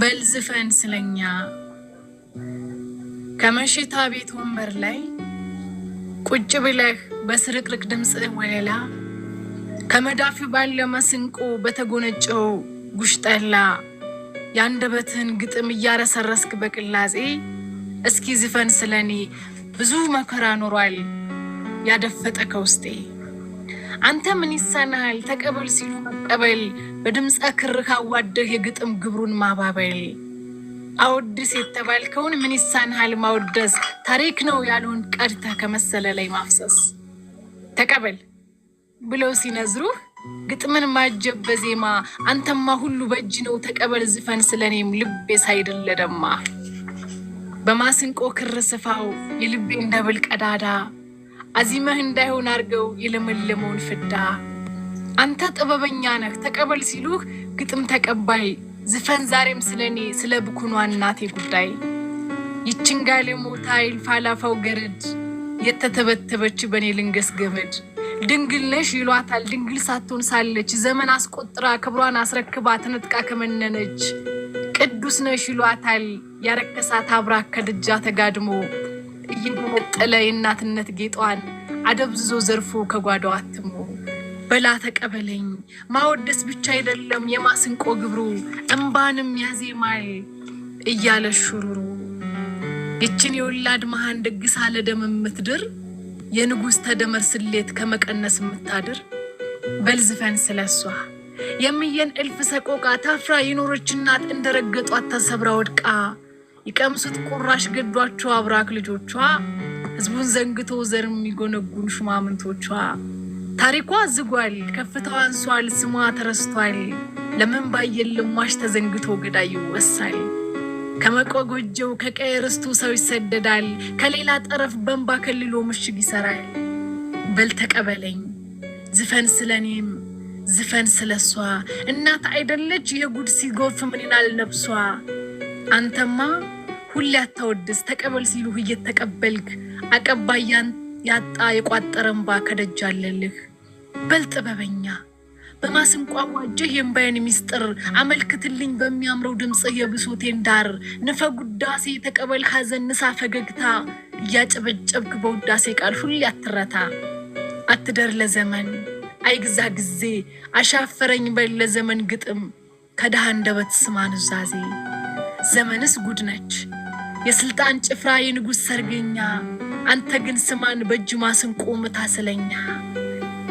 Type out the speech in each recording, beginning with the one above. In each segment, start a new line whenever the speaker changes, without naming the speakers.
በልዝፈን ስለኛ ከመሽታ ቤት ወንበር ላይ ቁጭ ብለህ በስርቅርቅ ድምፅ ወለላ ከመዳፊ ባለ መስንቆ በተጎነጨው ጉሽጠላ የአንደበትህን ግጥም እያረሰረስክ በቅላጼ እስኪ ዝፈን ስለኔ ብዙ መከራ ኖሯል ያደፈጠ ከውስጤ አንተ ምን ይሳናሃል ተቀበል ሲሉ መቀበል፣ በድምፀ ክር ካዋደህ የግጥም ግብሩን ማባበል። አወድስ የተባልከውን ምን ይሳናሃል ማውደስ? ታሪክ ነው ያለውን ቀድተህ ከመሰለ ላይ ማፍሰስ። ተቀበል ብለው ሲነዝሩህ ግጥምን ማጀብ በዜማ አንተማ ሁሉ በእጅ ነው ተቀበል ዝፈን ስለኔም ልቤ ሳይደለ ደማ በማስንቆ ክር ስፋው የልቤ እንደብል ቀዳዳ አዚመህ እንዳይሆን አድርገው የለመለመውን ፍዳ አንተ ጥበበኛ ነህ ተቀበል ሲሉህ ግጥም ተቀባይ ዝፈን ዛሬም ስለ እኔ ስለ ብኩኗ እናቴ ጉዳይ ይችንጋሌ ሞታ ይልፋላፋው ገረድ የተተበተበች በእኔ ልንገስ ገመድ ድንግል ነሽ ይሏታል ድንግል ሳትሆን ሳለች ዘመን አስቆጥራ ክብሯን አስረክባ ተነጥቃ ከመነነች ቅዱስ ነሽ ይሏታል ያረከሳት አብራ ከድጃ ተጋድሞ እየተነጠለ የእናትነት ጌጧን አደብዝዞ ዘርፎ ከጓዳው አትሞ በላ ተቀበለኝ ማወደስ ብቻ አይደለም የማስንቆ ግብሩ እምባንም ያዜማል እያለ ሹሩሩ ይችን የወላድ መሃን ደግሳ ለደም የምትድር የንጉሥ ተደመር ስሌት ከመቀነስ የምታድር በልዝፈን ስለሷ የሚየን እልፍ ሰቆቃ ታፍራ የኖረች እናት እንደረገጧት ተሰብራ ወድቃ ይቀምሱት ቁራሽ ገዷቸው አብራክ ልጆቿ ህዝቡን ዘንግቶ ዘር የሚጎነጉን ሹማምንቶቿ ታሪኳ ዝጓል፣ ከፍታዋ አንሷል፣ ስሟ ተረስቷል። ለምን ልማሽ ተዘንግቶ ገዳይ ይወሳል። ከመቆጎጀው ከቀይ ርስቱ ሰው ይሰደዳል። ከሌላ ጠረፍ በንባ ከልሎ ምሽግ ይሰራል። በል ተቀበለኝ ዝፈን ስለኔም ዝፈን ስለሷ እናት አይደለች የጉድ ሲጎርፍ ምን ይላል ነብሷ አንተማ ሁሌ አታወድስ ተቀበል ሲሉ እየተቀበልክ አቀባያን ያጣ የቋጠረ እንባ ከደጅ አለልህ። በል ጥበበኛ በማስንቋ ዋጀህ ሚስጥር አመልክትልኝ በሚያምረው ድምፅ የብሶቴን ዳር ንፈ ጉዳሴ ተቀበል ሐዘን ንሳ ፈገግታ እያጨበጨብክ በውዳሴ ቃል ሁሌ አትረታ። አትደር ለዘመን አይግዛ ጊዜ አሻፈረኝ በል ለዘመን ግጥም ከድሃ እንደበት ስማ ኑዛዜ ዘመንስ ጉድ ነች። የስልጣን ጭፍራ የንጉሥ ሰርገኛ አንተ ግን ስማን በእጁ ማስንቆ ምታስለኛ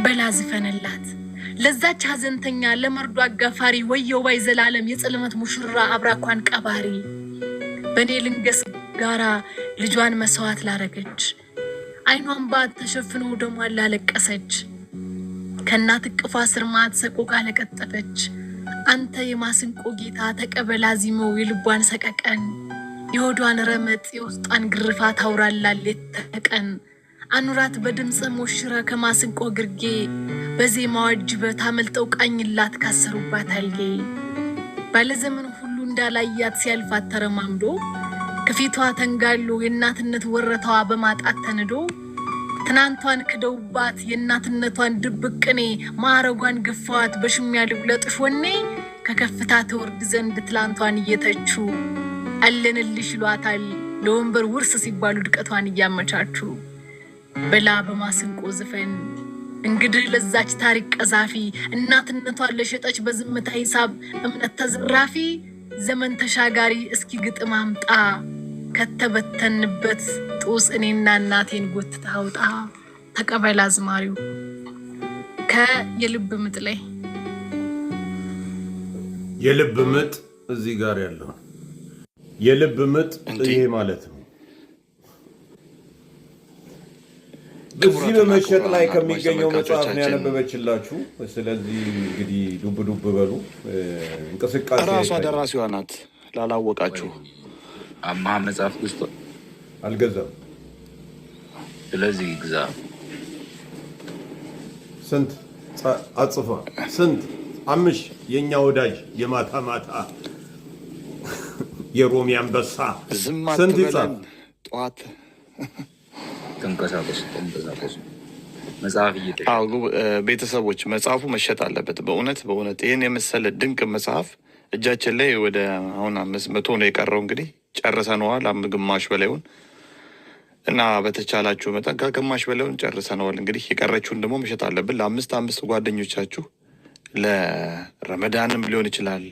በላ ዝፈንላት ለዛች ሐዘንተኛ ለመርዶ አጋፋሪ ወየው ባይ ዘላለም የጽልመት ሙሽራ አብራኳን ቀባሪ በእኔ ልንገስ ጋራ ልጇን መሥዋዕት ላረገች አይኗን ባት ተሸፍኖ ደሟን ላለቀሰች ከእናት እቅፏ ስርማት ሰቆቃ ለቀጠፈች አንተ የማስንቆ ጌታ ተቀበላ ዚመው የልቧን ሰቀቀን የሆዷን ረመጥ የውስጧን ግርፋት አውራላ ሌት ተቀን አኑራት በድምፅ ሞሽረ ከማስንቆ ግርጌ በዜማዋ እጅበት አመልጠው ቃኝላት ካሰሩባት አልጌ ባለዘመን ሁሉ እንዳላያት ሲያልፋት ተረማምዶ ከፊቷ ተንጋሎ የእናትነት ወረታዋ በማጣት ተንዶ ትናንቷን ክደውባት የእናትነቷን ድብቅኔ ቅኔ ማዕረጓን ገፋዋት በሽሚያ ልብለጥሽ ወኔ ከከፍታ ትወርድ ዘንድ ትላንቷን እየተቹ አለንልሽ ይሏታል። ለወንበር ውርስ ሲባሉ ድቀቷን እያመቻቹ በላ በማስንቆ ዝፈን እንግዲህ ለዛች ታሪክ ቀዛፊ እናትነቷን ለሸጠች በዝምታ ሂሳብ እምነት ተዘራፊ ዘመን ተሻጋሪ እስኪ ግጥም አምጣ ከተበተንበት ጡስ እኔና እናቴን ጎትታ አውጣ። ተቀበል አዝማሪው ከየልብ ምጥ ላይ
የልብ ምጥ እዚህ ጋር ያለው የልብ ምጥ ይሄ ማለት ነው። እዚህ በመሸጥ ላይ ከሚገኘው መጽሐፍ ነው ያነበበችላችሁ። ስለዚህ እንግዲህ ዱብ ዱብ በሉ እንቅስቃሴ
ራሷ ደራሲዋ ናት። ላላወቃችሁ
አማ መጽሐፍ ውስጥ አልገዛም። ስለዚህ ግዛ።
ስንት አጽፋ ስንት አምሽ የእኛ ወዳጅ የማታ ማታ የሮሚ አንበሳ
ስንት ይጻፍ? ጠዋት መጽሐፍ ቤተሰቦች መጽሐፉ መሸጥ አለበት። በእውነት በእውነት ይህን የመሰለ ድንቅ መጽሐፍ እጃችን ላይ ወደ አሁን አምስት መቶ ነው የቀረው። እንግዲህ ጨርሰነዋል። ግማሽ በላይውን እና በተቻላችሁ መጠን ከግማሽ በላይውን ጨርሰነዋል። እንግዲህ የቀረችውን ደግሞ መሸጥ አለብን። ለአምስት አምስት ጓደኞቻችሁ ለረመዳንም ሊሆን ይችላል